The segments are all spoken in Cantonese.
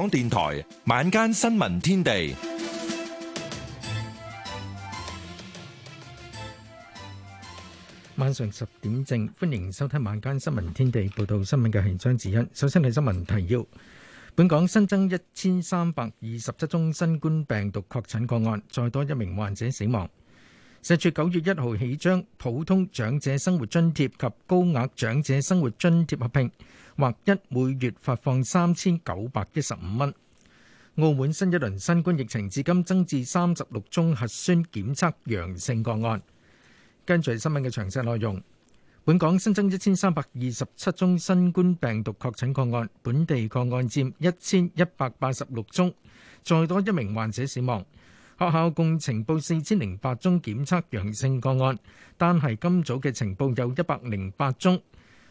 港電台晚間新聞天地，晚上十點正，歡迎收聽晚間新聞天地。報道新聞嘅係張子欣。首先係新聞提要，本港新增一千三百二十七宗新冠病毒確診個案，再多一名患者死亡。社署，九月一號起將普通長者生活津貼及高額長者生活津貼合併，或一每月發放三千九百一十五蚊。澳門新一輪新冠疫情至今增至三十六宗核酸檢測陽性個案。跟隨新聞嘅詳細內容，本港新增一千三百二十七宗新冠病毒確診個案，本地個案占一千一百八十六宗，再多一名患者死亡。學校共呈報四千零八宗檢測陽性個案，但係今早嘅呈報有一百零八宗。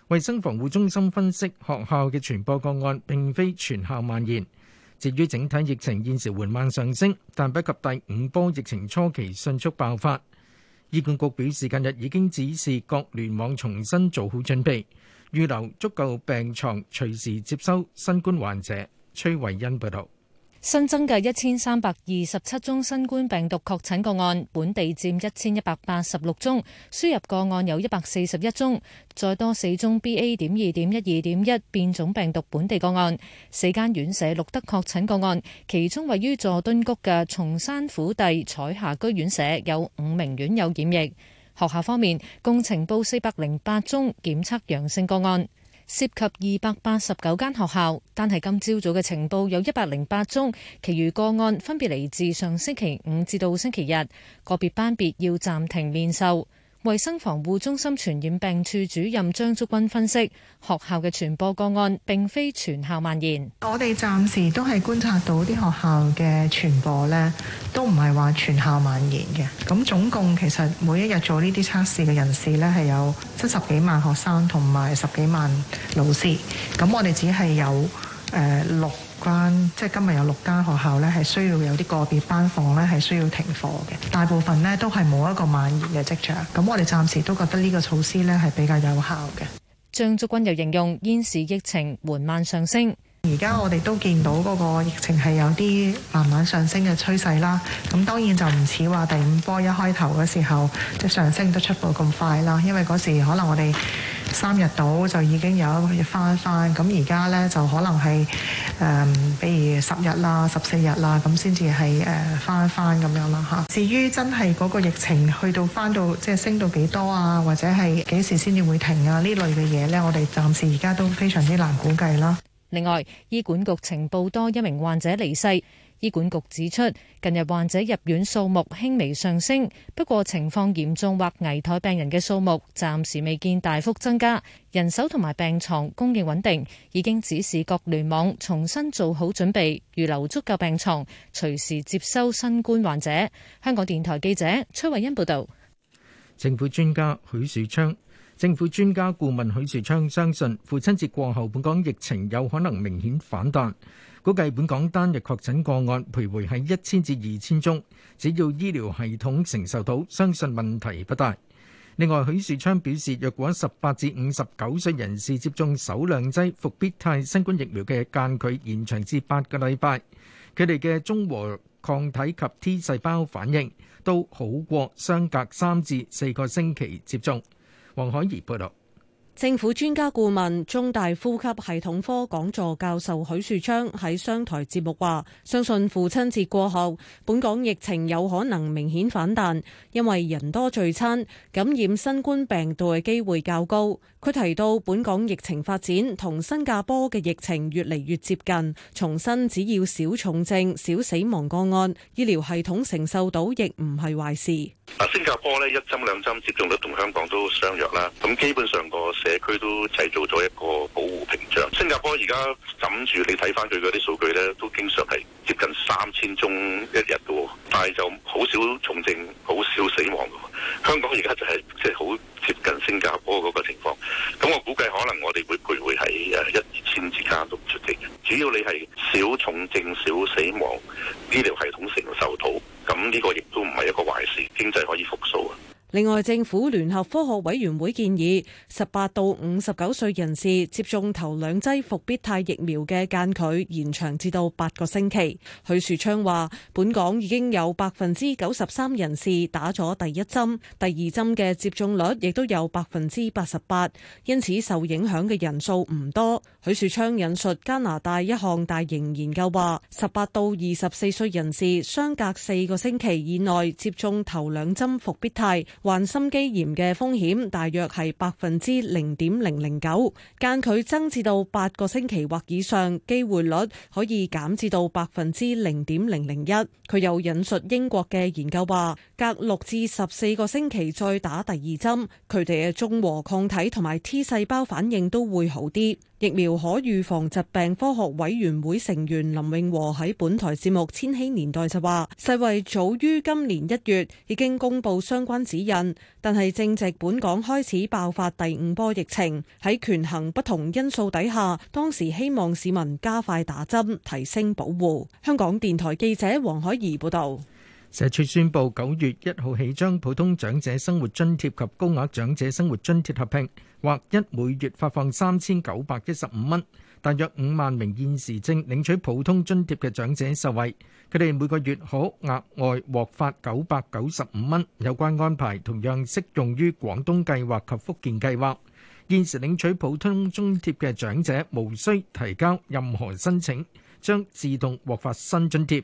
衛生防護中心分析，學校嘅傳播個案並非全校蔓延，至於整體疫情現時緩慢上升，但不及第五波疫情初期迅速爆發。醫管局表示，近日已經指示各聯網重新做好準備，預留足夠病床，隨時接收新冠患者。崔慧欣報導。新增嘅一千三百二十七宗新冠病毒確診個案，本地佔一千一百八十六宗，輸入個案有一百四十一宗，再多四宗 BA. 點二點一二點一變種病毒本地個案。四間院舍錄得確診個案，其中位於佐敦谷嘅松山府第彩霞居院舍有五名院友染疫。學校方面，共呈報四百零八宗檢測陽性個案。涉及二百八十九間學校，但係今朝早嘅情報有一百零八宗，其餘個案分別嚟自上星期五至到星期日，個別班別要暫停面授。衛生防護中心傳染病處主任張竹君分析，學校嘅傳播個案並非全校蔓延。我哋暫時都係觀察到啲學校嘅傳播咧，都唔係話全校蔓延嘅。咁總共其實每一日做呢啲測試嘅人士咧，係有七十幾萬學生同埋十幾萬老師。咁我哋只係有誒、呃、六。關即係今日有六間學校咧，係需要有啲個別班房咧，係需要停課嘅。大部分咧都係冇一個蔓延嘅跡象。咁我哋暫時都覺得呢個措施咧係比較有效嘅。張竹君又形容現時疫情緩慢上升。而家我哋都見到嗰個疫情係有啲慢慢上升嘅趨勢啦。咁當然就唔似話第五波一開頭嘅時候即上升得出步咁快啦。因為嗰時可能我哋三日到就已經有回一翻翻，咁而家呢，就可能係誒、呃，比如十日啦、十四日啦，咁先至係誒翻翻咁樣啦嚇。至於真係嗰個疫情去到翻到即係、就是、升到幾多啊，或者係幾時先至會停啊呢類嘅嘢呢，我哋暫時而家都非常之難估計啦。另外，醫管局呈報多一名患者離世。醫管局指出，近日患者入院數目輕微上升，不過情況嚴重或危殆病人嘅數目暫時未見大幅增加，人手同埋病床供應穩定，已經指示各聯網重新做好準備，預留足夠病床，隨時接收新冠患者。香港電台記者崔慧欣報道。政府專家許樹昌，政府專家顧問許樹昌相信，父親節過後，本港疫情有可能明顯反彈。估計本港單日確診個案徘徊喺一千至二千宗，只要醫療系統承受到，相信問題不大。另外，許樹昌表示，若果十八至五十九歲人士接種首兩劑復必泰新冠疫苗嘅間距延長至八個禮拜，佢哋嘅中和抗體及 T 細胞反應都好過相隔三至四個星期接種。黃海怡報道。政府專家顧問、中大呼吸系統科講座教授許樹昌喺商台節目話：相信父親節過後，本港疫情有可能明顯反彈，因為人多聚餐，感染新冠病毒嘅機會較高。佢提到，本港疫情發展同新加坡嘅疫情越嚟越接近，重新只要少重症、少死亡個案，醫療系統承受到亦唔係壞事啊。新加坡呢一針兩針接種率同香港都相若啦，咁基本上個社區都製造咗一個保護屏障。新加坡而家枕住你睇翻佢嗰啲數據咧，都經常係接近三千宗一日嘅，但係就好少重症，好少死亡嘅。香港而家就係即係好。接近新加坡嗰個情況，咁我估計可能我哋會徘徊喺誒一、二千之間度出席嘅。只要你係少重症、少死亡，醫療系統承受到，咁呢個亦都唔係一個壞事，經濟可以復甦啊！另外，政府聯合科學委員會建議十八到五十九歲人士接種頭兩劑復必泰疫苗嘅間距延長至到八個星期。許樹昌話，本港已經有百分之九十三人士打咗第一針，第二針嘅接種率亦都有百分之八十八，因此受影響嘅人數唔多。許樹昌引述加拿大一項大型研究話，十八到二十四歲人士相隔四個星期以內接種頭兩針復必泰。患心肌炎嘅風險大約係百分之零點零零九，間距增至到八個星期或以上，機會率可以減至到百分之零點零零一。佢又引述英國嘅研究話，隔六至十四個星期再打第二針，佢哋嘅中和抗體同埋 T 細胞反應都會好啲。疫苗可預防疾病科學委員會成員林永和喺本台節目《千禧年代》就話，世衛早於今年一月已經公布相關指引，但係正值本港開始爆發第五波疫情，喺權衡不同因素底下，當時希望市民加快打針，提升保護。香港電台記者黃海怡報道。社署宣布，九月一號起將普通長者生活津貼及高額長者生活津貼合併，劃一每月發放三千九百一十五蚊，大約五萬名現時正領取普通津貼嘅長者受惠，佢哋每個月可額外獲發九百九十五蚊。有關安排同樣適用於廣東計劃及福建計劃，現時領取普通津貼嘅長者無需提交任何申請，將自動獲發新津貼。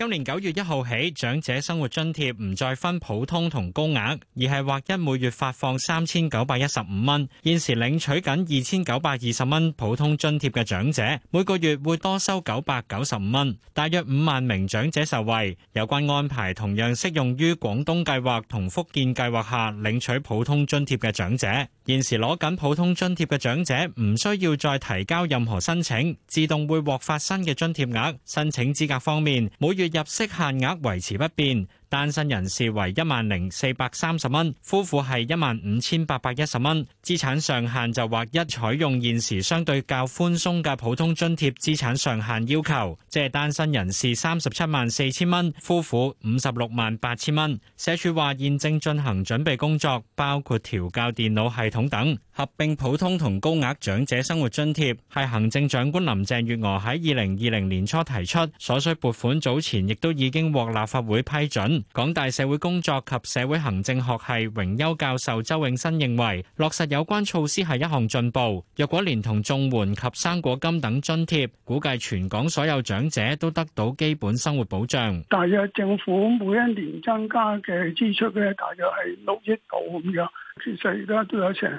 今年九月一號起，長者生活津貼唔再分普通同高額，而係劃一每月發放三千九百一十五蚊。現時領取緊二千九百二十蚊普通津貼嘅長者，每個月會多收九百九十五蚊，大約五萬名長者受惠。有關安排同樣適用於廣東計劃同福建計劃下領取普通津貼嘅長者。現時攞緊普通津貼嘅長者，唔需要再提交任何申請，自動會獲發新嘅津貼額。申請資格方面，每月入息限額維持不變。單身人士為一萬零四百三十蚊，夫婦係一萬五千八百一十蚊。資產上限就劃一採用現時相對較寬鬆嘅普通津貼資產上限要求，即係單身人士三十七萬四千蚊，夫婦五十六萬八千蚊。社署話現正進行準備工作，包括調校電腦系統等。合併普通同高額長者生活津貼，係行政長官林鄭月娥喺二零二零年初提出，所需撥款早前亦都已經獲立法會批准。港大社會工作及社會行政學系榮休教授周永新認為，落實有關措施係一項進步。若果連同綜援及生果金等津貼，估計全港所有長者都得到基本生活保障。大約政府每一年增加嘅支出咧，大約係六億度咁樣。其實而家都有成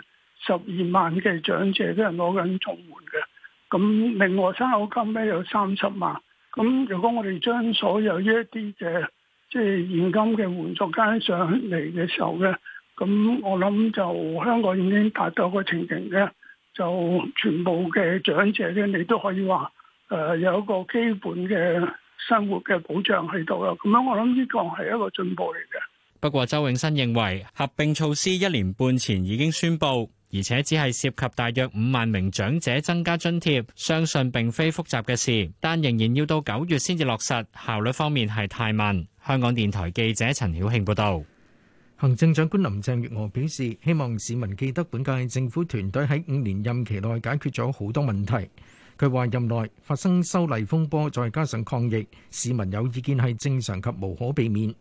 十二萬嘅長者都係攞緊綜援嘅。咁另外生果金咧有三十萬。咁如果我哋將所有呢一啲嘅即係現金嘅援助加上嚟嘅時候咧，咁我諗就香港已經達到個情形咧，就全部嘅長者咧，你都可以話誒有一個基本嘅生活嘅保障喺度啦。咁樣我諗呢個係一個進步嚟嘅。不過，周永新認為合併措施一年半前已經宣布。而且只係涉及大約五萬名長者增加津貼，相信並非複雜嘅事，但仍然要到九月先至落實，效率方面係太慢。香港電台記者陳曉慶報導。行政長官林鄭月娥表示，希望市民記得本屆政府團隊喺五年任期內解決咗好多問題。佢話任內發生修例風波，再加上抗疫，市民有意見係正常及無可避免。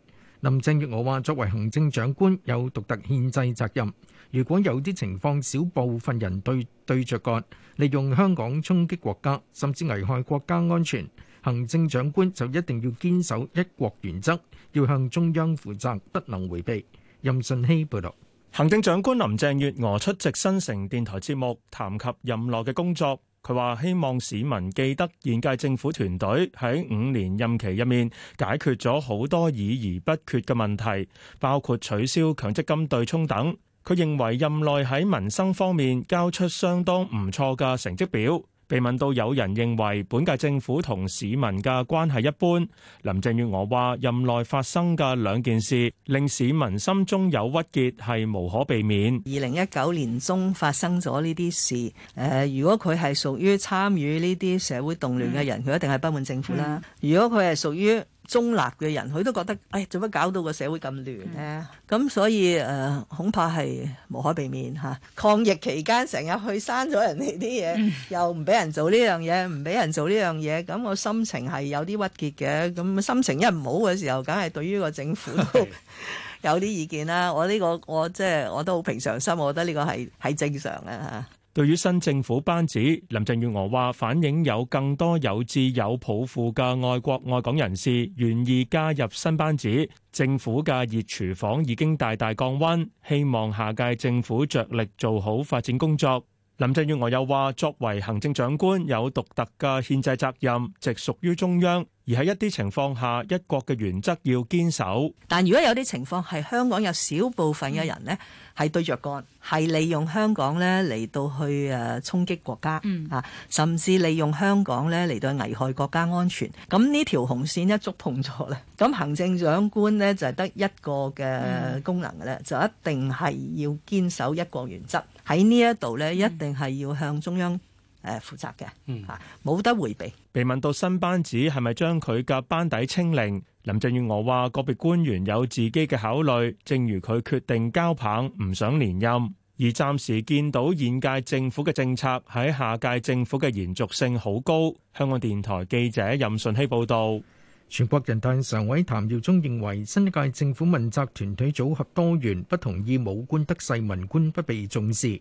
林鄭月娥話：作為行政長官，有獨特憲制責任。如果有啲情況，少部分人對對著幹，利用香港衝擊國家，甚至危害國家安全，行政長官就一定要堅守一國原則，要向中央負責，不能迴避。任信希報導。行政長官林鄭月娥出席新城電台節目，談及任內嘅工作，佢話希望市民記得現屆政府團隊喺五年任期入面解決咗好多議而不決嘅問題，包括取消強積金對沖等。佢認為任內喺民生方面交出相當唔錯嘅成績表。被問到有人認為本屆政府同市民嘅關係一般，林鄭月娥話任內發生嘅兩件事令市民心中有鬱結係無可避免。二零一九年中發生咗呢啲事，誒、呃，如果佢係屬於參與呢啲社會動亂嘅人，佢一定係不滿政府啦。如果佢係屬於……中立嘅人，佢都覺得，誒、哎，做乜搞到個社會咁亂咧？咁、嗯、所以誒、呃，恐怕係無可避免嚇、啊。抗疫期間，成日去刪咗人哋啲嘢，嗯、又唔俾人做呢樣嘢，唔俾人做呢樣嘢，咁我心情係有啲鬱結嘅。咁心情一唔好嘅時候，梗係對於個政府都是 有啲意見啦。我呢個我即係我都好平常心，我覺得呢個係係正常嘅嚇，啊。對於新政府班子，林鄭月娥話反映有更多有志有抱負嘅愛國愛港人士願意加入新班子，政府嘅熱廚房已經大大降溫，希望下屆政府着力做好發展工作。林鄭月娥又話：作為行政長官，有獨特嘅憲制責任，直屬於中央。而喺一啲情況下，一國嘅原則要堅守。但如果有啲情況係香港有少部分嘅人呢係對著幹，係利用香港呢嚟到去誒衝擊國家，嗯、啊，甚至利用香港呢嚟到危害國家安全。咁呢條紅線一觸碰咗咧，咁行政長官呢就係得一個嘅功能㗎啦，就一定係要堅守一國原則。喺呢一度呢，一定係要向中央。誒負責嘅嚇，冇得回避。被問到新班子係咪將佢嘅班底清零，林鄭月娥話個別官員有自己嘅考慮，正如佢決定交棒，唔想連任。而暫時見到現屆政府嘅政策喺下屆政府嘅延續性好高。香港電台記者任順希報導。全國人大常委譚耀宗認為，新一屆政府問責團隊組合多元，不同意武官得勢，文官不被重視。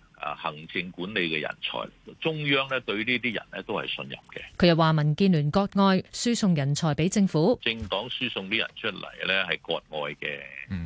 啊，行政管理嘅人才，中央咧對呢啲人咧都係信任嘅。佢又話民建聯割愛輸送人才俾政府，政黨輸送啲人出嚟，咧係割愛嘅，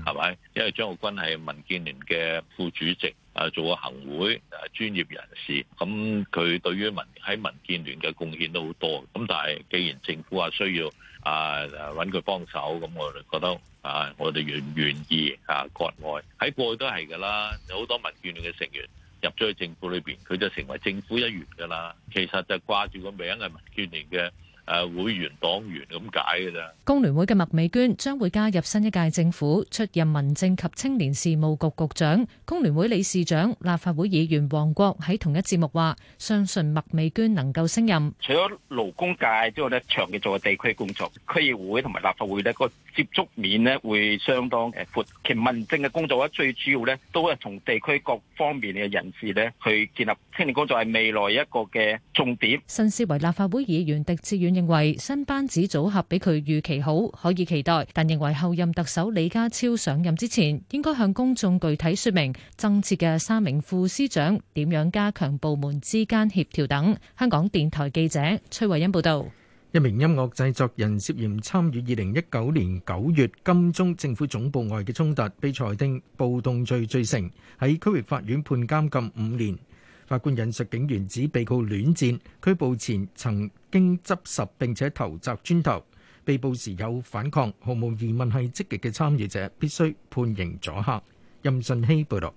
係咪、嗯？因為張國鈞係民建聯嘅副主席，啊做過行會啊專業人士，咁佢對於民喺民建聯嘅貢獻都好多。咁但係既然政府話需要啊揾佢幫手，咁我就覺得啊，我哋願唔願意啊？割愛喺過去都係噶啦，有好多民建聯嘅成員。入咗去政府裏邊，佢就成為政府一員噶啦。其實就掛住個名係民建聯嘅。誒，會員黨員咁解嘅咋？工聯會嘅麥美娟將會加入新一屆政府，出任民政及青年事務局局長。工聯會理事長、立法會議員黃國喺同一節目話，相信麥美娟能夠升任。除咗勞工界之外咧，長期做嘅地區工作，區議會同埋立法會咧，個接觸面咧會相當誒闊。其民政嘅工作咧，最主要咧都係從地區各方面嘅人士咧去建立青年工作係未來一個嘅重點。新思維立法會議員狄志遠。認為新班子組合比佢預期好，可以期待，但認為後任特首李家超上任之前，應該向公眾具體說明增設嘅三名副司長點樣加強部門之間協調等。香港電台記者崔慧欣報道，一名音樂製作人涉嫌參與二零一九年九月金鐘政府總部外嘅衝突，被裁定暴動罪罪成，喺區域法院判監禁五年。法官引述警員指被告戀戰，拘捕前曾經執拾並且投擲磚頭，被捕時有反抗，毫無疑問係積極嘅參與者，必須判刑阻嚇。任信希報道。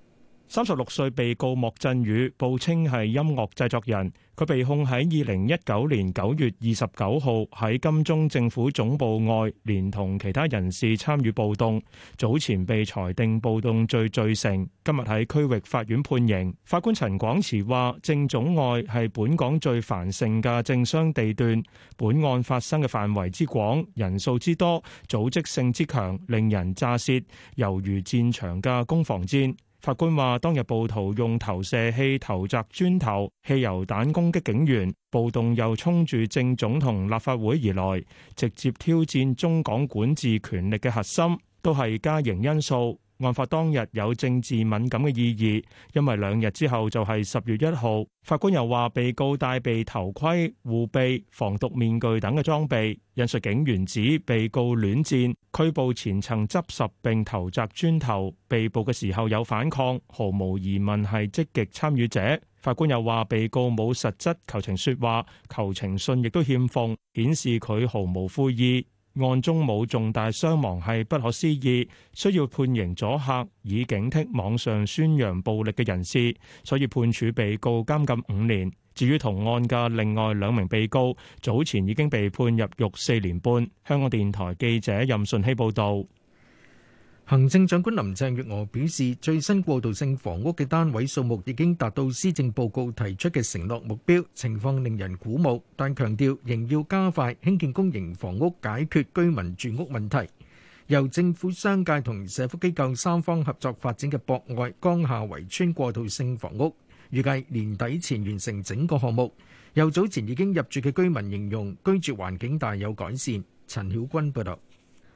三十六歲被告莫振宇報稱係音樂製作人，佢被控喺二零一九年九月二十九號喺金鐘政府總部外，連同其他人士參與暴動。早前被裁定暴動罪罪成，今日喺區域法院判刑。法官陳廣慈話，政總外係本港最繁盛嘅政商地段，本案發生嘅範圍之廣、人數之多、組織性之強，令人乍舌，猶如戰場嘅攻防戰。法官話：當日暴徒用投射器投擲磚頭、汽油彈攻擊警員，暴動又衝住政總同立法會而來，直接挑戰中港管治權力嘅核心，都係加刑因素。案發當日有政治敏感嘅意義，因為兩日之後就係十月一號。法官又話被告戴備頭盔、護臂、防毒面具等嘅裝備，引述警員指被告戀戰，拘捕前曾執拾並投擲磚頭，被捕嘅時候有反抗，毫無疑問係積極參與者。法官又話被告冇實質求情說話，求情信亦都欠奉，顯示佢毫無悔意。案中冇重大傷亡係不可思議，需要判刑阻嚇，以警惕網上宣揚暴力嘅人士。所以判處被告監禁五年。至於同案嘅另外兩名被告，早前已經被判入獄四年半。香港電台記者任順熙報道。行政長官林鄭月娥表示，最新過渡性房屋嘅單位數目已經達到施政報告提出嘅承諾目標，情況令人鼓舞，但強調仍要加快興建公營房屋，解決居民住屋問題。由政府、商界同社福機構三方合作發展嘅博愛江夏圍村過渡性房屋，預計年底前完成整個項目。由早前已經入住嘅居民形容，居住環境大有改善。陳曉君報道。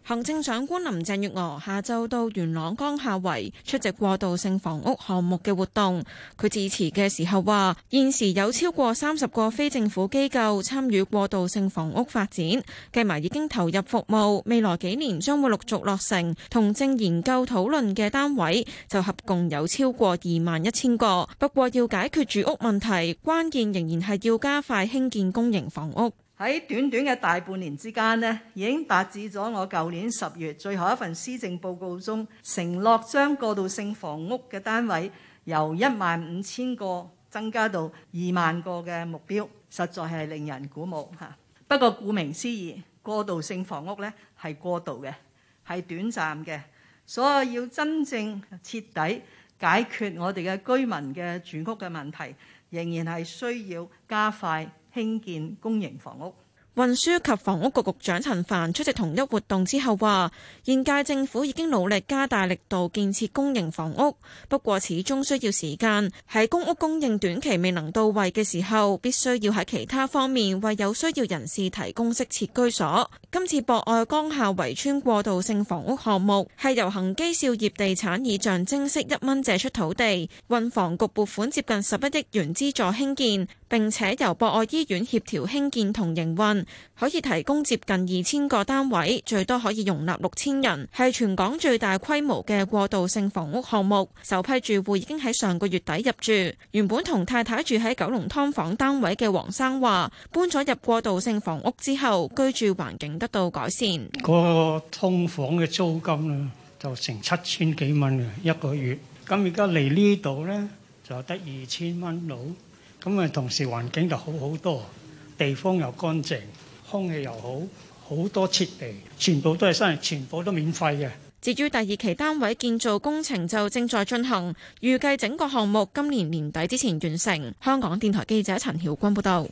行政長官林鄭月娥下晝到元朗江夏圍出席過渡性房屋項目嘅活動。佢致辭嘅時候話：現時有超過三十個非政府機構參與過渡性房屋發展，計埋已經投入服務，未來幾年將會陸續落成。同正研究討論嘅單位就合共有超過二萬一千個。不過要解決住屋問題，關鍵仍然係要加快興建公營房屋。喺短短嘅大半年之間呢，已經達至咗我舊年十月最後一份施政報告中，承諾將過渡性房屋嘅單位由一萬五千個增加到二萬個嘅目標，實在係令人鼓舞嚇。不過，顧名思義，過渡性房屋呢係過渡嘅，係短暫嘅，所以要真正徹底解決我哋嘅居民嘅住屋嘅問題，仍然係需要加快興建公營房屋。運輸及房屋局局長陳帆出席同一活動之後話：現屆政府已經努力加大力度建設公營房屋，不過始終需要時間。喺公屋供應短期未能到位嘅時候，必須要喺其他方面為有需要人士提供適切居所。今次博愛江夏圍村過渡性房屋項目係由恒基兆業地產以象徵式一蚊借出土地，運房局撥款接近十一億元資助興建，並且由博愛醫院協調興建同營運。可以提供接近二千個單位，最多可以容納六千人，係全港最大規模嘅過渡性房屋項目。首批住戶已經喺上個月底入住。原本同太太住喺九龍劏房單位嘅黃生話，搬咗入過渡性房屋之後，居住環境得到改善。個通房嘅租金啦，就成七千幾蚊啊一個月。咁而家嚟呢度呢，就得二千蚊度。咁啊，同時環境就好好多。地方又乾淨，空氣又好，好多設備，全部都係新，全部都免費嘅。至於第二期單位建造工程就正在進行，預計整個項目今年年底之前完成。香港電台記者陳曉君報導。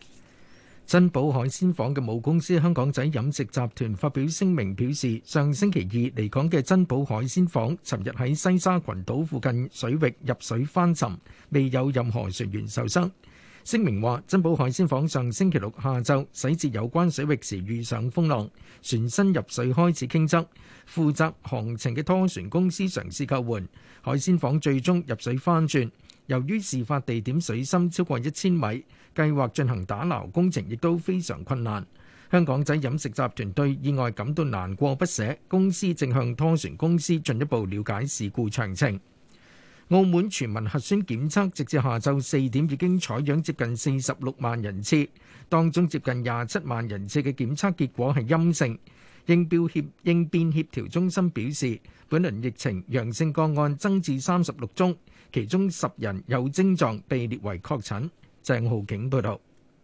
珍寶海鮮舫嘅母公司香港仔飲食集團發表聲明表示，上星期二嚟港嘅珍寶海鮮舫，尋日喺西沙群島附近水域入水翻沉，未有任何船員受傷。聲明話：珍寶海鮮舫上星期六下晝駛至有關水域時遇上風浪，船身入水開始傾側。負責航程嘅拖船公司嘗試救援，海鮮舫最終入水翻轉。由於事發地點水深超過一千米，計劃進行打撈工程亦都非常困難。香港仔飲食集團對意外感到難過不捨，公司正向拖船公司進一步了解事故詳情。澳門全民核酸檢測直至下晝四點已經採樣接近四十六萬人次，當中接近廿七萬人次嘅檢測結果係陰性。應標協應變協調中心表示，本輪疫情陽性個案增至三十六宗，其中十人有症狀被列為確診。鄭浩景報導。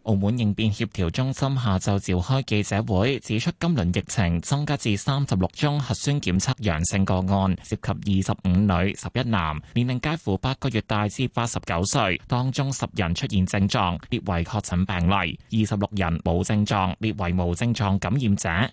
澳門應變協調中心下晝召開記者會，指出今輪疫情增加至三十六宗核酸檢測陽性個案，涉及二十五女十一男，年齡介乎八個月大至八十九歲，當中十人出現症狀，列為確診病例；二十六人冇症狀，列為無症狀感染者。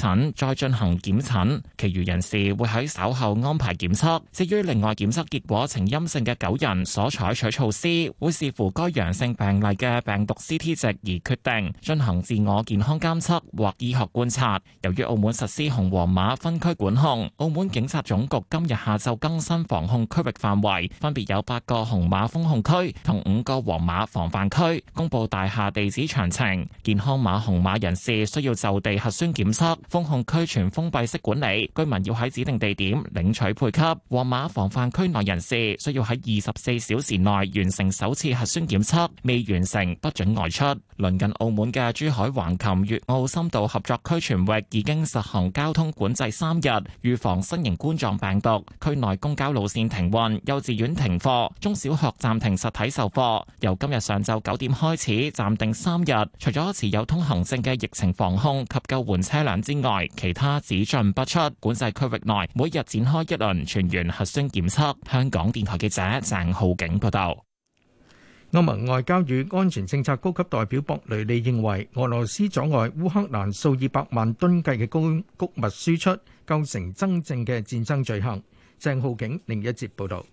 診再進行檢診，其餘人士會喺稍後安排檢測。至於另外檢測結果呈陰性嘅九人所採取措施，會視乎該陽性病例嘅病毒 CT 值而決定，進行自我健康監測或醫學觀察。由於澳門實施紅黃碼分區管控，澳門警察總局今日下晝更新防控區域範圍，分別有八個紅碼封控區同五個黃碼防範區，公布大廈地址詳情。健康碼紅碼人士需要就地核酸檢測。封控區全封閉式管理，居民要喺指定地點領取配給，黃碼防範區內人士需要喺二十四小時內完成首次核酸檢測，未完成不准外出。鄰近澳門嘅珠海橫琴粵澳深度合作區全域已經實行交通管制三日，預防新型冠狀病毒，區內公交路線停運，幼稚園停課，中小學暫停實體授課，由今日上晝九點開始暫定三日，除咗持有通行證嘅疫情防控及救援車輛之外，其他只進不出管制區域內，每日展開一輪全員核酸檢測。香港電台記者鄭浩景報道。歐盟外交與安全政策高級代表博雷利認為，俄羅斯阻礙烏克蘭數以百萬噸計嘅高穀物輸出，構成真正嘅戰爭罪行。鄭浩景另一節報導。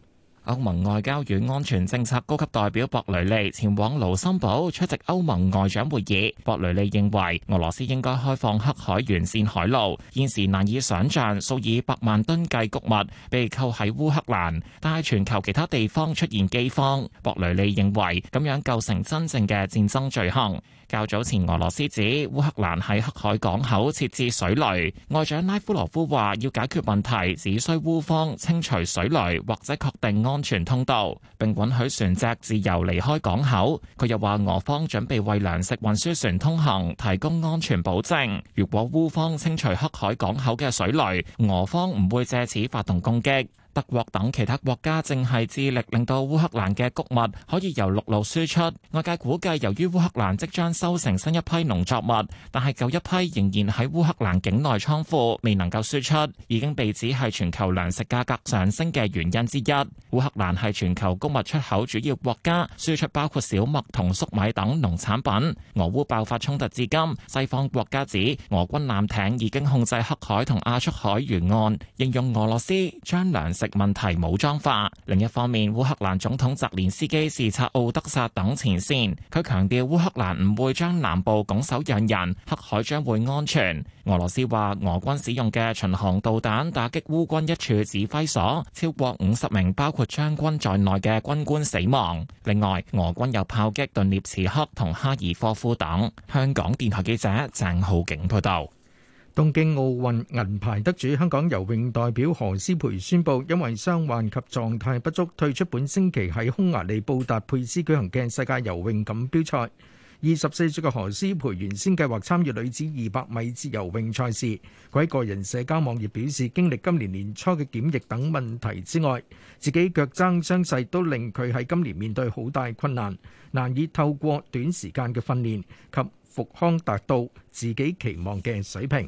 歐盟外交與安全政策高級代表博雷利前往盧森堡出席歐盟外長會議。博雷利認為俄羅斯應該開放黑海沿線海路。現時難以想象數以百萬噸計穀物被扣喺烏克蘭，但係全球其他地方出現饑荒。博雷利認為咁樣構成真正嘅戰爭罪行。較早前，俄羅斯指烏克蘭喺黑海港口設置水雷。外長拉夫羅夫話，要解決問題，只需烏方清除水雷，或者確定安全通道，並允許船隻自由離開港口。佢又話，俄方準備為糧食運輸船通行提供安全保證。如果烏方清除黑海港口嘅水雷，俄方唔會借此發動攻擊。德國等其他國家正係致力令到烏克蘭嘅谷物可以由陸路輸出。外界估計，由於烏克蘭即將收成新一批農作物，但係舊一批仍然喺烏克蘭境內倉庫未能夠輸出，已經被指係全球糧食價格上升嘅原因之一。烏克蘭係全球谷物出口主要國家，輸出包括小麥同粟米等農產品。俄烏爆發衝突至今，西方國家指俄軍艦艇已經控制黑海同亞速海沿岸，形容俄羅斯將糧食問題武裝化。另一方面，烏克蘭總統澤連斯基視察敖德薩等前線，佢強調烏克蘭唔會將南部拱手讓人，黑海將會安全。俄羅斯話俄軍使用嘅巡航導彈打擊烏軍一處指揮所，超過五十名包括將軍在內嘅軍官死亡。另外，俄軍又炮擊頓涅茨克同哈爾科夫等。香港電台記者鄭浩景報道。東京奧運銀牌得主香港游泳代表何詩蓓宣佈，因為傷患及狀態不足，退出本星期喺匈牙利布達佩斯舉行嘅世界游泳錦標賽。二十四歲嘅何詩蓓原先計劃參與女子二百米自由泳賽事，佢喺個人社交網頁表示，經歷今年年初嘅檢疫等問題之外，自己腳踭傷勢都令佢喺今年面對好大困難，難以透過短時間嘅訓練及復康達到自己期望嘅水平。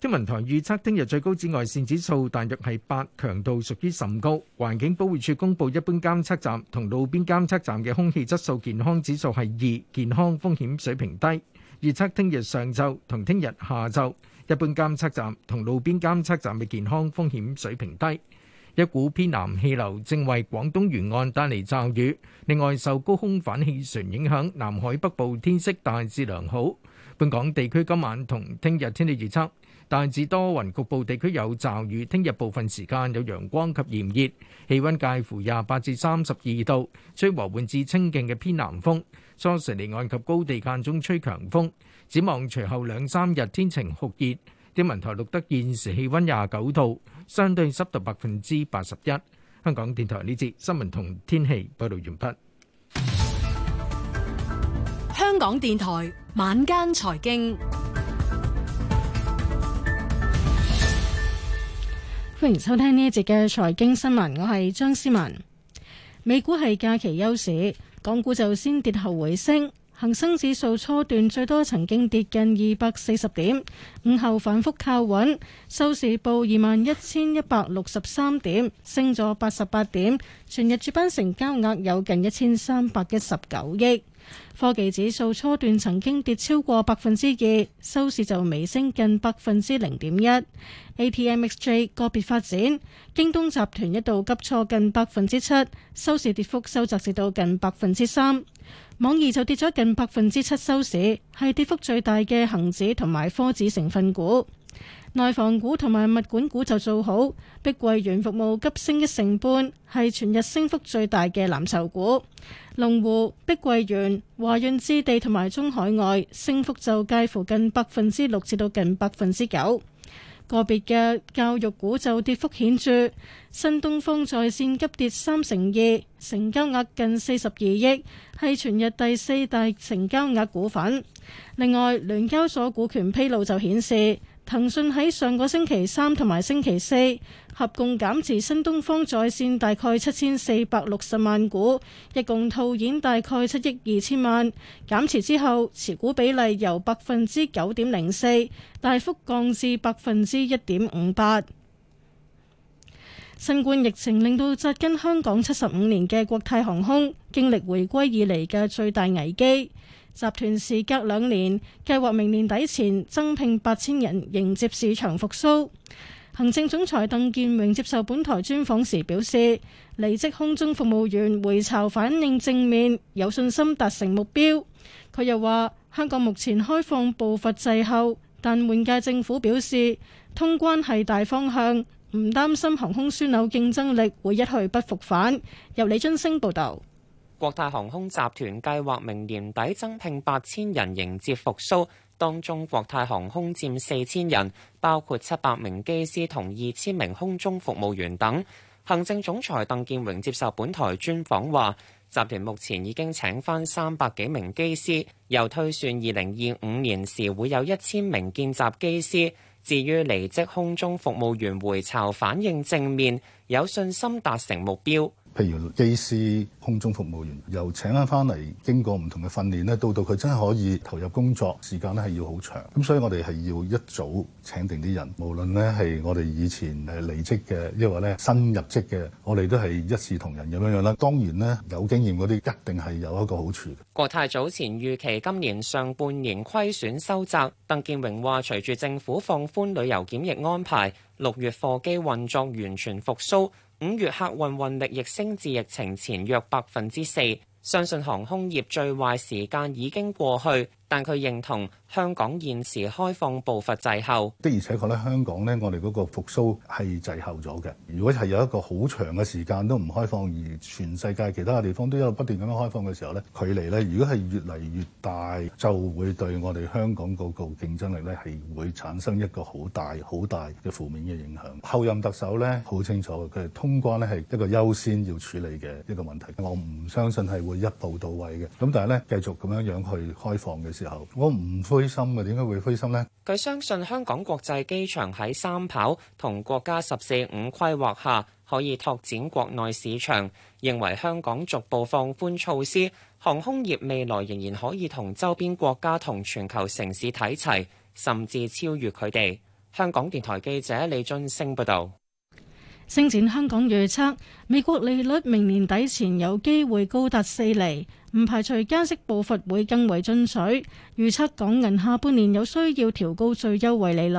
天文台預測聽日最高紫外線指數大約係八，強度屬於甚高。環境保護署公布一般監測站同路邊監測站嘅空氣質素健康指數係二，健康風險水平低。預測聽日上晝同聽日下晝，一般監測站同路邊監測站嘅健康風險水平低。一股偏南氣流正為廣東沿岸帶嚟驟雨。另外，受高空反氣旋影響，南海北部天色大致良好。本港地區今晚同聽日天氣預測。大致多雲，局部地區有驟雨。聽日部分時間有陽光及炎熱，氣温介乎廿八至三十二度，吹和緩至清勁嘅偏南風。初時離岸及高地間中吹強風。展望隨後兩三日天晴酷熱。天文台錄得現時氣温廿九度，相對濕度百分之八十一。香港電台呢節新聞同天氣報道完畢。香港電台晚間財經。歡迎收聽呢一節嘅財經新聞，我係張思文。美股係假期休市，港股就先跌後回升。恒生指數初段最多曾經跌近二百四十點，午後反復靠穩，收市報二萬一千一百六十三點，升咗八十八點。全日主板成交額有近一千三百一十九億。科技指數初段曾經跌超過百分之二，收市就微升近百分之零點一。ATMXJ 個別發展，京東集團一度急挫近百分之七，收市跌幅收窄至到近百分之三。網易就跌咗近百分之七，收市係跌幅最大嘅恒指同埋科指成分股。內房股同埋物管股就做好，碧桂園服務急升一成半，係全日升幅最大嘅藍籌股。龍湖、碧桂園、華潤置地同埋中海外升幅就介乎近百分之六至到近百分之九。個別嘅教育股就跌幅顯著，新東方在線急跌三成二，成交額近四十二億，係全日第四大成交額股份。另外，聯交所股權披露就顯示。騰訊喺上個星期三同埋星期四合共減持新東方在線大概七千四百六十萬股，一共套現大概七億二千萬。減持之後，持股比例由百分之九點零四大幅降至百分之一點五八。新冠疫情令到紮根香港七十五年嘅國泰航空經歷回歸以嚟嘅最大危機。集團時隔兩年，計劃明年底前增聘八千人，迎接市場復甦。行政總裁鄧健榮接受本台專訪時表示，離職空中服務員回巢反應正面，有信心達成目標。佢又話，香港目前開放步伐滯後，但換屆政府表示通關係大方向，唔擔心航空樞紐競爭力會一去不復返。由李津升報導。國泰航空集團計劃明年底增聘八千人迎接復甦，當中國泰航空占四千人，包括七百名機師同二千名空中服務員等。行政總裁鄧健榮接受本台專訪話，集團目前已經請返三百幾名機師，又推算二零二五年時會有一千名見習機師。至於離職空中服務員回巢反應正面，有信心達成目標。譬如機師、空中服務員，由請翻翻嚟，經過唔同嘅訓練咧，到到佢真係可以投入工作，時間咧係要好長。咁所以我哋係要一早請定啲人，無論呢係我哋以前係離職嘅，抑或咧新入職嘅，我哋都係一視同仁咁樣樣啦。當然呢，有經驗嗰啲一定係有一個好處嘅。國泰早前預期今年上半年虧損收窄，鄧建榮話：隨住政府放寬旅遊檢疫安排，六月貨機運作完全復甦。五月客運運力亦升至疫情前約百分之四，相信航空業最壞時間已經過去。但佢認同香港現時開放步伐滯後。的而且確，香港咧，我哋嗰個復甦係滯後咗嘅。如果係有一個好長嘅時間都唔開放，而全世界其他嘅地方都一路不斷咁樣開放嘅時候咧，距離咧，如果係越嚟越大，就會對我哋香港嗰個競爭力咧係會產生一個好大好大嘅負面嘅影響。後任特首咧，好清楚，佢係通關咧係一個優先要處理嘅一個問題。我唔相信係會一步到位嘅。咁但係咧，繼續咁樣樣去開放嘅時候。我唔灰心嘅，點解會灰心咧？佢相信香港國際機場喺三跑同國家十四五規劃下可以拓展國內市場，認為香港逐步放寬措施，航空業未來仍然可以同周邊國家同全球城市睇齊，甚至超越佢哋。香港電台記者李俊升報導。星展香港預測美國利率明年底前有機會高達四厘。唔排除加息步伐會更為進取，預測港銀下半年有需要調高最優惠利率。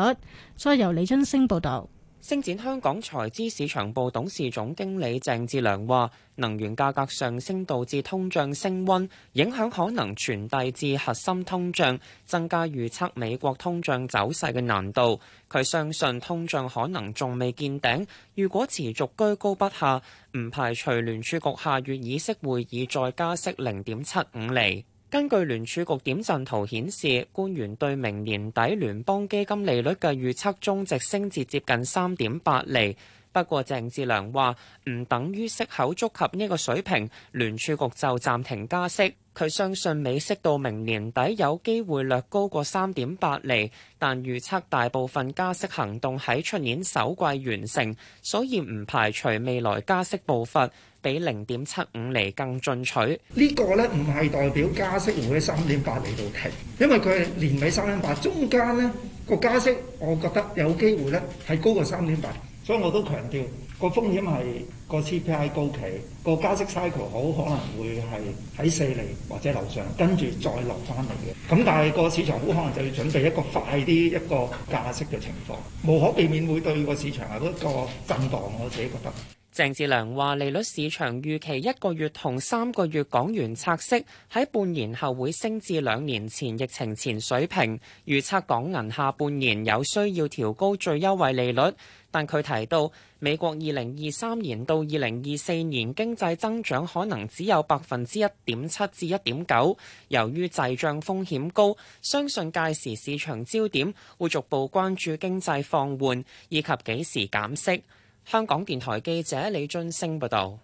再由李津升報道。星展香港財資市場部董事總經理鄭志良話：能源價格上升導致通脹升溫，影響可能傳遞至核心通脹，增加預測美國通脹走勢嘅難度。佢相信通脹可能仲未見頂，如果持續居高不下，唔排除聯儲局下月議息會議再加息零點七五厘。根據聯儲局點陣圖顯示，官員對明年底聯邦基金利率嘅預測中值升至接近三點八厘。不過鄭志良話，唔等於息口觸及呢個水平，聯儲局就暫停加息。佢相信美息到明年底有機會略高過三點八厘，但預測大部分加息行動喺出年首季完成，所以唔排除未來加息步伐。比零點七五釐更進取，呢個咧唔係代表加息會喺三點八釐度停，因為佢係年尾三點八，中間咧個加息，我覺得有機會咧係高過三點八，所以我都強調個風險係個 CPI 高企，個加息 cycle 好可能會係喺四釐或者樓上，跟住再落翻嚟嘅。咁但係個市場好可能就要準備一個快啲一個加息嘅情況，無可避免會對個市場有一個震盪。我自己覺得。鄭志良話：利率市場預期一個月同三個月港元拆息喺半年後會升至兩年前疫情前水平。預測港銀下半年有需要調高最優惠利率，但佢提到美國二零二三年到二零二四年經濟增長可能只有百分之一點七至一點九，由於滯脹風險高，相信屆時市場焦點會逐步關注經濟放緩以及幾時減息。香港電台記者李俊升報道：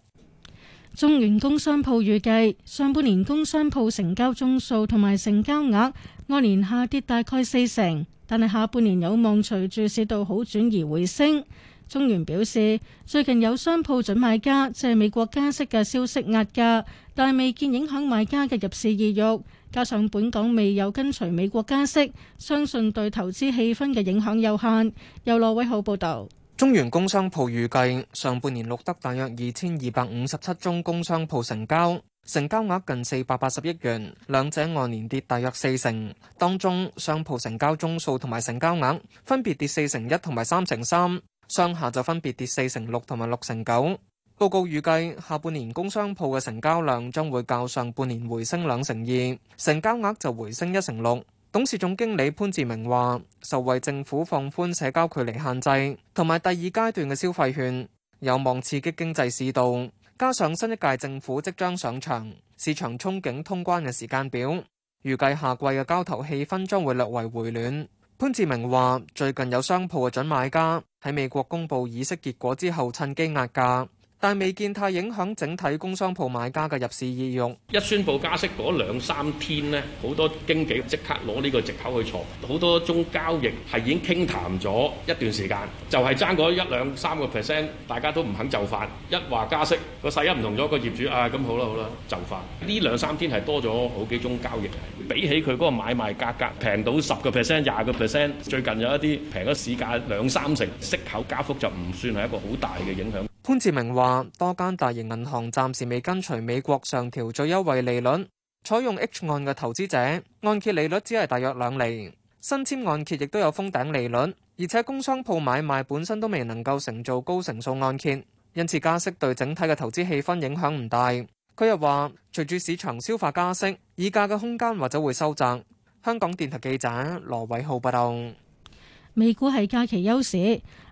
中原工商鋪預計上半年工商鋪成交宗數同埋成交額按年下跌大概四成，但係下半年有望隨住市道好轉而回升。中原表示，最近有商鋪準買家借美國加息嘅消息壓價，但係未見影響買家嘅入市意欲，加上本港未有跟隨美國加息，相信對投資氣氛嘅影響有限。由羅偉浩報道。中原工商鋪預計上半年錄得大約二千二百五十七宗工商鋪成交，成交額近四百八十億元，兩者按年跌大約四成。當中商鋪成交宗數同埋成交額分別跌四成一同埋三成三，商廈就分別跌四成六同埋六成九。報告預計下半年工商鋪嘅成交量將會較上半年回升兩成二，成交額就回升一成六。董事總經理潘志明話，受惠政府放寬社交距離限制，同埋第二階段嘅消費券，有望刺激經濟市道。加上新一屆政府即將上場，市場憧憬通關嘅時間表，預計下季嘅交投氣氛將會略為回暖。潘志明話，最近有商鋪嘅準買家喺美國公佈議息結果之後趁，趁機壓價。但未見太影響整體工商鋪買家嘅入市意欲。一宣布加息嗰兩三天呢，好多經紀即刻攞呢個藉口去錯，好多宗交易係已經傾談咗一段時間，就係爭嗰一兩三個 percent，大家都唔肯就範。一話加息個勢一唔同咗，個業主啊咁、哎、好啦好啦就範呢，兩三天係多咗好幾宗交易，比起佢嗰個買賣價格平到十個 percent、廿個 percent，最近有一啲平咗市價兩三成，息口加幅就唔算係一個好大嘅影響。潘志明話：多間大型銀行暫時未跟隨美國上調最優惠利率，採用 H 按嘅投資者按揭利率只係大約兩厘，新簽按揭亦都有封頂利率，而且工商鋪買賣本身都未能夠承做高成數按揭，因此加息對整體嘅投資氣氛影響唔大。佢又話：隨住市場消化加息，議價嘅空間或者會收窄。香港電台記者羅偉浩報道。美股係假期休市，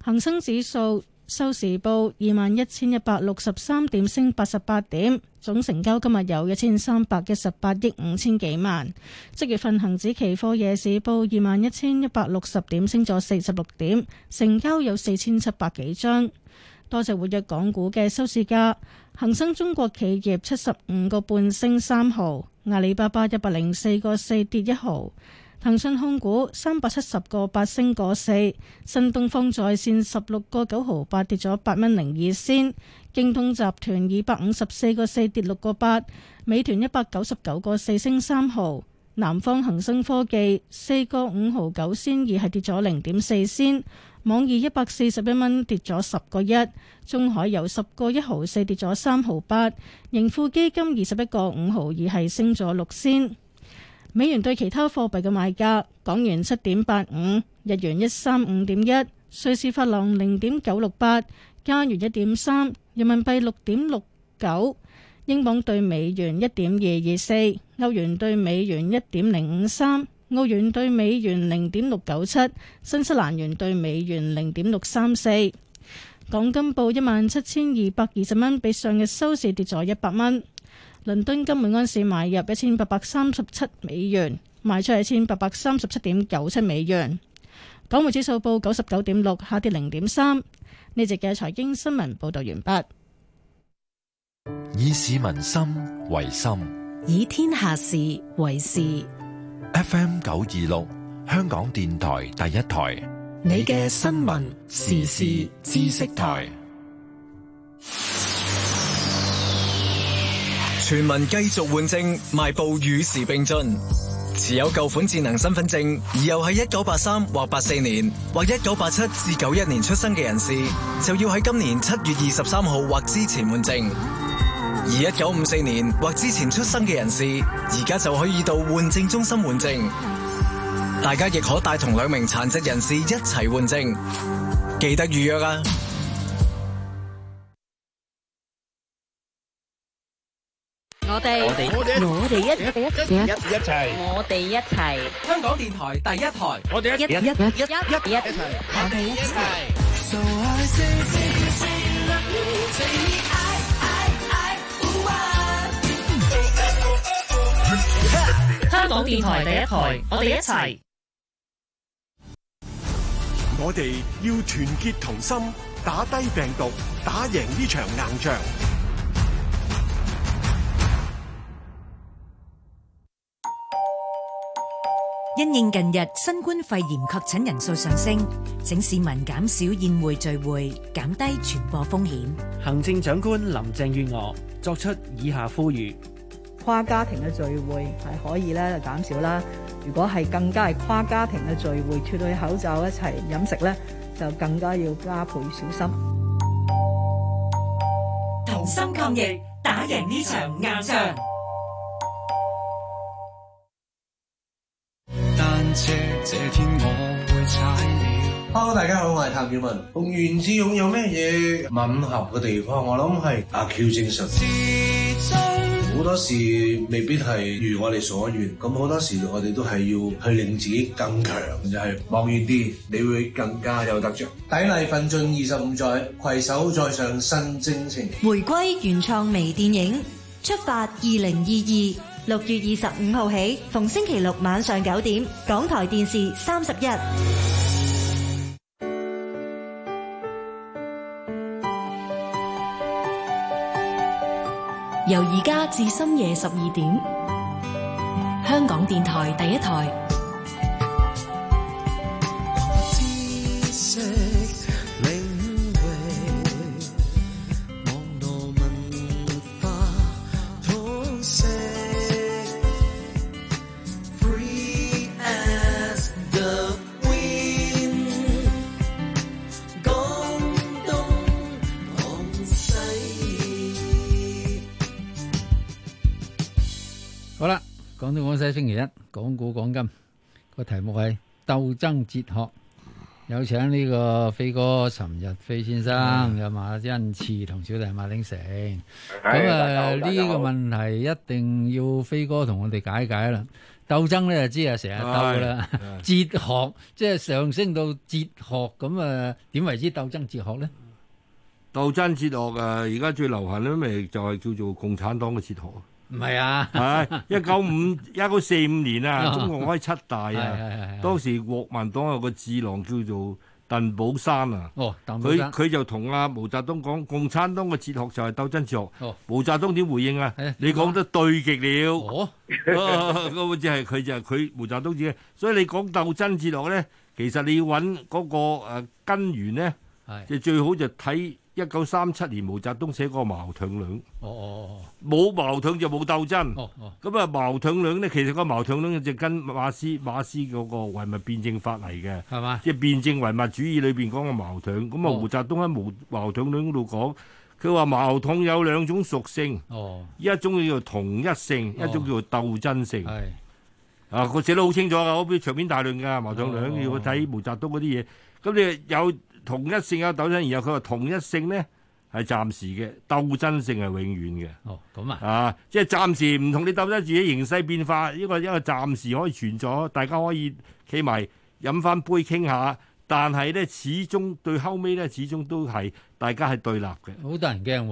恆生指數。收市報二萬一千一百六十三點，升八十八點，總成交今日有一千三百一十八億五千幾萬。即月份恒指期貨夜市報二萬一千一百六十點，升咗四十六點，成交有四千七百幾張。多隻活躍港股嘅收市價，恒生中國企業七十五個半升三毫，阿里巴巴一百零四個四跌一毫。騰訊控股三百七十個八升個四，新東方在線十六個九毫八跌咗八蚊零二仙，京東集團二百五十四個四跌六個八，美團一百九十九個四升三毫，南方恒生科技四個五毫九仙二，係跌咗零點四仙。網易一百四十一蚊跌咗十個一，中海油十個一毫四跌咗三毫八，盈富基金二十一個五毫二係升咗六仙。美元對其他貨幣嘅賣價：港元七點八五，日元一三五點一，瑞士法郎零點九六八，加元一點三，人民幣六點六九，英鎊對美元一點二二四，歐元對美元一點零五三，澳元對美元零點六九七，新西蘭元對美元零點六三四。港金報一萬七千二百二十蚊，比上日收市跌咗一百蚊。倫敦金每盎司買入一千八百三十七美元，賣出係一千八百三十七點九七美元。港匯指數報九十九點六，下跌零點三。呢節嘅財經新聞報道完畢。以市民心為心，以天下事為事。F M 九二六，香港電台第一台，你嘅新聞時事知識台。全民繼續換證，邁步與時並進。持有舊款智能身份證，而又係一九八三或八四年或一九八七至九一年出生嘅人士，就要喺今年七月二十三號或之前換證。而一九五四年或之前出生嘅人士，而家就可以到換證中心換證。大家亦可帶同兩名殘疾人士一齊換證，記得預約啊！我哋，我哋一，我哋一，我哋一齊，我哋一齊。香港電台第一台，我哋一，一，一，一，一，一齊，我哋一齊。香港電台第一台，我哋一齊。我哋要團結同心，打低病毒，打贏呢場硬仗。因應近日新冠肺炎確診人數上升，請市民減少宴會聚會，減低傳播風險。行政長官林鄭月娥作出以下呼籲：跨家庭嘅聚會係可以咧減少啦，如果係更加係跨家庭嘅聚會，脫去口罩一齊飲食咧，就更加要加倍小心。同心抗疫，打贏呢場硬仗。這天我會 Hello，大家好，我係譚永文。同袁志勇有咩嘢吻合嘅地方？我諗係阿 Q 精神。好尊多時未必係如我哋所願，咁好多時我哋都係要去令自己更強，就係、是、望遠啲，你會更加有得着。砥礪奮進二十五載，携手再上新征程。回歸原創微電影，出發二零二二。六月二十五號起，逢星期六晚上九點，港台電視三十一。由而家至深夜十二點，香港電台第一台。星期一講股講金個題目係鬥爭哲學，有請呢個飛哥岑日飛先生、有馬恩賜同小弟馬鼎成。咁啊呢個問題一定要飛哥同我哋解解啦。鬥爭咧就知啊，成日鬥啦。哲學即係上升到哲學咁啊，點為之鬥爭哲學咧？鬥爭哲學啊，而家最流行咧咪就係叫做共產黨嘅哲學。唔係不啊，係一九五一九四五年啊，中共開七大啊，當時國民黨有個智囊叫做鄧寶山啊，哦，鄧寶山，佢佢就同阿毛澤東講，共產黨嘅哲學就係鬥爭哲學。哦，毛澤東點回應啊？哎、你講得對極了，哦，咁只係佢就係佢毛澤東自己，所以你講鬥爭哲學咧，其實你要揾嗰個根源咧，就、哦、最好就睇。一九三七年，毛澤東寫嗰個矛盾論，哦哦哦，冇矛盾就冇鬥爭，咁啊矛盾論呢，其實個矛盾論就跟馬斯馬斯嗰個唯物辯證法嚟嘅，係嘛，即係辯證唯物主義裏邊講嘅矛盾。咁啊，毛澤東喺矛矛盾論嗰度講，佢話矛盾有兩種屬性，哦，一種叫做同一性，一種叫做鬥爭性，係，啊，佢寫得好清楚噶，我俾《長篇大論》噶矛盾論，要睇毛澤東嗰啲嘢，咁你有。同一性有鬥爭，然後佢話同一性咧係暫時嘅，鬥爭性係永遠嘅。哦，咁啊，啊，即係暫時唔同你鬥爭自己形勢變化，呢個因為暫時可以存在，大家可以企埋飲翻杯傾下。但係咧，始終對後尾咧，始終都係大家係對立嘅。好得人驚。